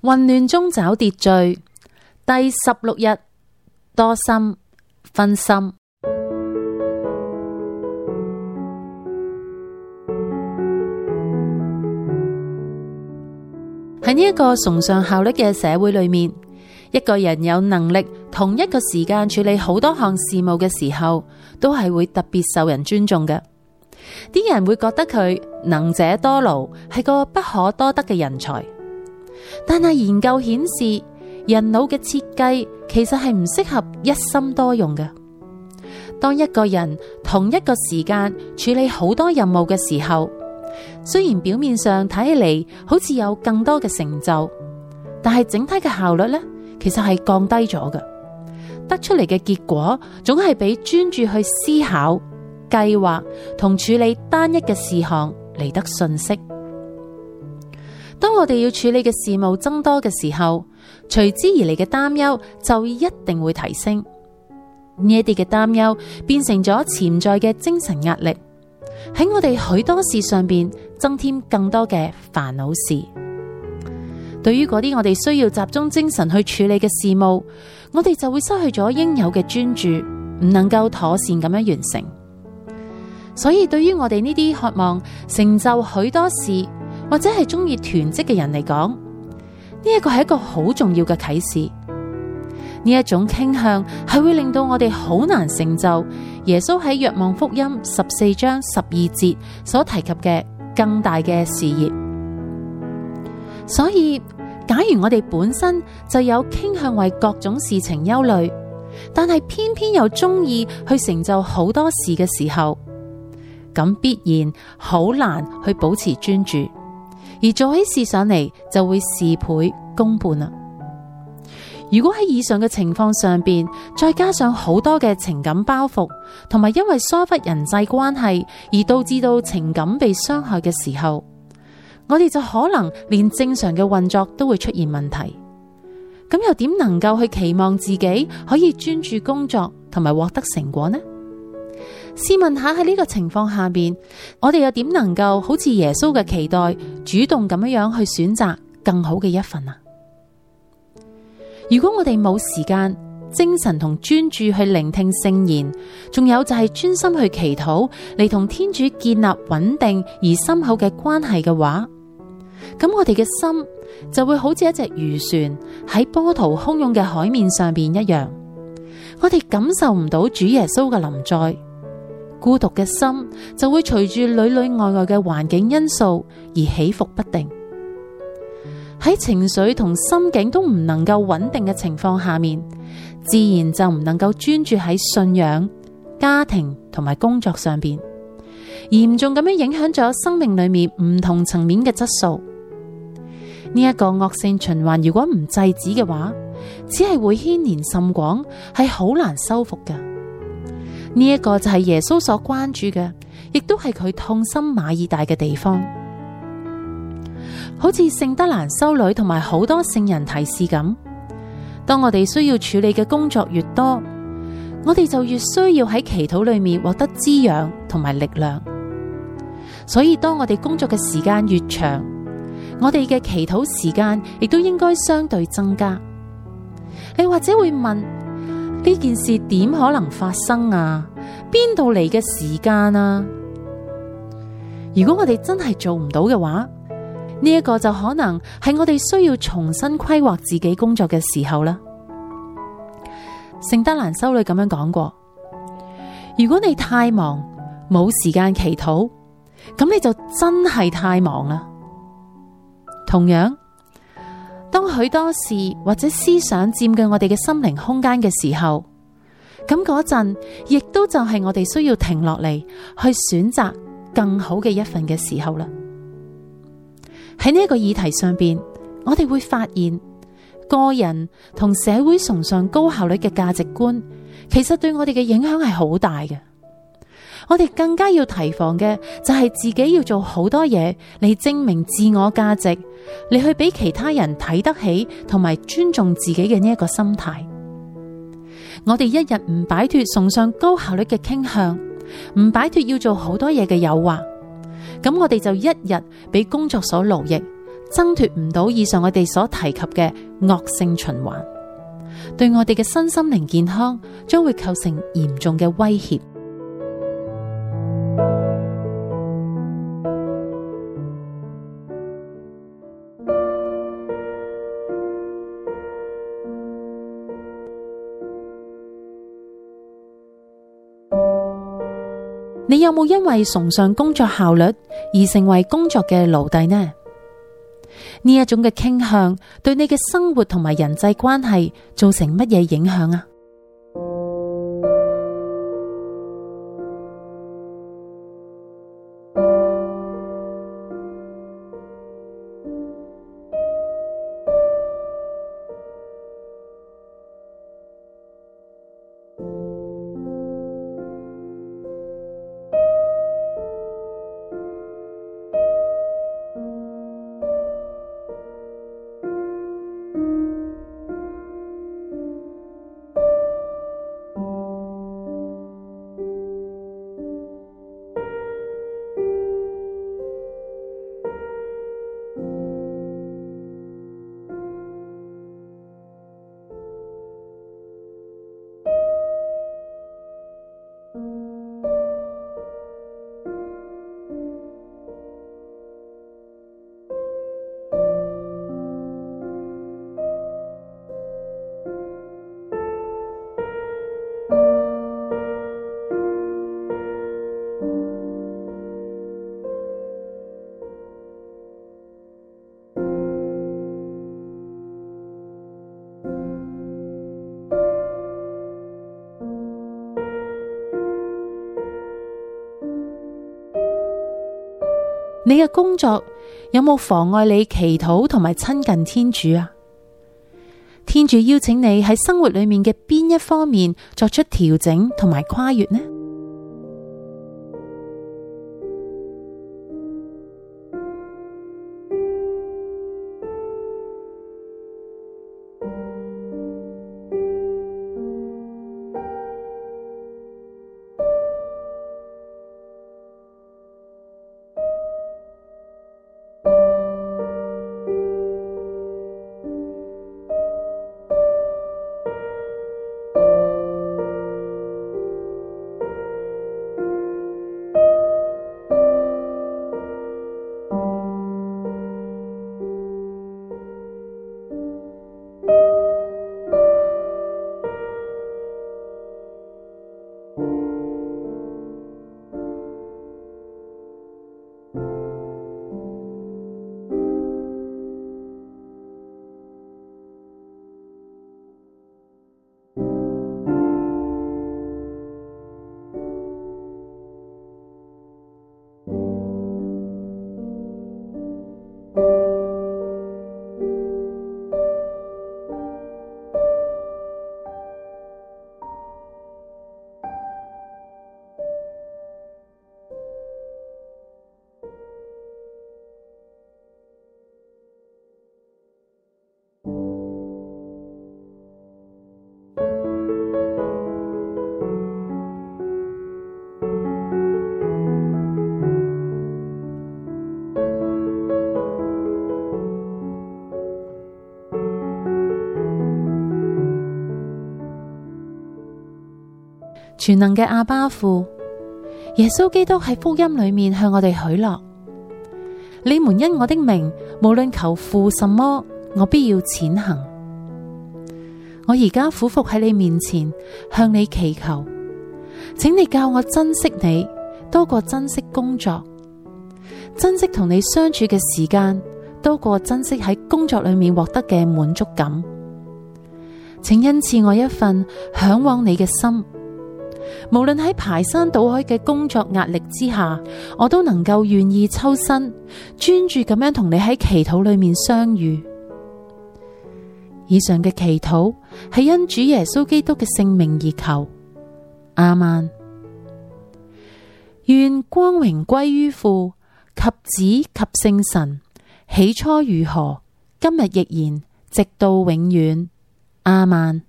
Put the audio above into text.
混亂中找秩序，第十六日，多心分心。喺呢一個崇尚效率嘅社會裏面，一個人有能力同一個時間處理好多項事務嘅時候，都係會特別受人尊重嘅。啲人會覺得佢能者多勞，係個不可多得嘅人才。但係研究顯示，人腦嘅設計其實係唔適合一心多用嘅。當一個人同一個時間處理好多任務嘅時候，雖然表面上睇起嚟好似有更多嘅成就，但係整體嘅效率呢，其實係降低咗嘅。得出嚟嘅結果總係比專注去思考、計劃同處理單一嘅事項嚟得遜色。當我哋要處理嘅事務增多嘅時候，隨之而嚟嘅擔憂就一定會提升。呢一啲嘅擔憂變成咗潛在嘅精神壓力，喺我哋許多事上面增添更多嘅煩惱事。對於嗰啲我哋需要集中精神去處理嘅事務，我哋就會失去咗應有嘅專注，唔能夠妥善咁樣完成。所以對於我哋呢啲渴望成就許多事，或者係鍾意囤積嘅人嚟講，呢一個係一個好重要嘅啟示。呢一種傾向係會令到我哋好難成就耶穌喺《若望福音》十四章十二節所提及嘅更大嘅事業。所以，假如我哋本身就有傾向為各種事情憂慮，但係偏偏又鍾意去成就好多事嘅時候，咁必然好難去保持專注。而做起事上嚟就會事倍功半啦。如果喺以上嘅情況上面，再加上好多嘅情感包袱，同埋因為疏忽人際關係而導致到情感被傷害嘅時候，我哋就可能連正常嘅運作都會出現問題。咁又點能夠去期望自己可以專注工作，同埋獲得成果呢？試問下喺呢個情況下邊，我哋又點能夠好似耶穌嘅期待，主動咁樣去選擇更好嘅一份啊？如果我哋冇時間、精神同專注去聆聽聖言，仲有就係專心去祈禱嚟，同天主建立穩定而深厚嘅關係嘅話，咁我哋嘅心就會好似一隻漁船喺波濤洶湧嘅海面上邊一樣，我哋感受唔到主耶穌嘅臨在。孤獨嘅心就會隨住裏裏外外嘅環境因素而起伏不定，喺情緒同心境都唔能夠穩定嘅情況下面，自然就唔能夠專注喺信仰、家庭同埋工作上邊，嚴重咁樣影響咗生命裏面唔同層面嘅質素。呢一個惡性循環如果唔制止嘅話，只係會牽連甚廣，係好難修復嘅。呢一個就係耶穌所關注嘅，亦都係佢痛心馬爾大嘅地方。好似聖德蘭修女同埋好多聖人提示咁，當我哋需要處理嘅工作越多，我哋就越需要喺祈禱裏面獲得滋養同埋力量。所以當我哋工作嘅時間越長，我哋嘅祈禱時間亦都應該相對增加。你或者會問：呢件事點可能發生啊？邊度嚟嘅時間啊？如果我哋真係做唔到嘅話，呢一個就可能係我哋需要重新規劃自己工作嘅時候啦。聖德蘭修女咁樣講過：如果你太忙，冇時間祈禱，咁你就真係太忙啦。同樣。當許多事或者思想佔據我哋嘅心靈空間嘅時候，咁嗰陣亦都就係我哋需要停落嚟，去選擇更好嘅一份嘅時候啦。喺呢一個議題上邊，我哋會發現，個人同社會崇尚高效率嘅價值觀，其實對我哋嘅影響係好大嘅。我哋更加要提防嘅就係自己要做好多嘢嚟證明自我價值。你去俾其他人睇得起，同埋尊重自己嘅呢一個心態。我哋一日唔擺脫崇尚高效率嘅傾向，唔擺脫要做好多嘢嘅誘惑，咁我哋就一日俾工作所奴役，掙脫唔到以上我哋所提及嘅惡性循環，對我哋嘅身心靈健康將會構成嚴重嘅威脅。你有冇因為崇尚工作效率而成為工作嘅奴隸呢？呢一種嘅傾向對你嘅生活同埋人際關係造成乜嘢影響啊？你嘅工作有冇妨礙你祈禱同埋親近天主啊？天主邀請你喺生活裏面嘅邊一方面作出調整同埋跨越呢？全能嘅阿爸父，耶穌基督喺福音裏面向我哋許諾：你們因我的名無論求父什麼，我必要踐行。我而家俯伏喺你面前，向你祈求，請你教我珍惜你多過珍惜工作，珍惜同你相處嘅時間多過珍惜喺工作裏面獲得嘅滿足感。請恩賜我一份向往你嘅心。無論喺排山倒海嘅工作壓力之下，我都能夠願意抽身專注咁樣同你喺祈禱裏面相遇。以上嘅祈禱係因主耶穌基督嘅聖名而求。阿曼，願光榮歸於父及子及聖神，起初如何，今日亦然，直到永遠。阿曼。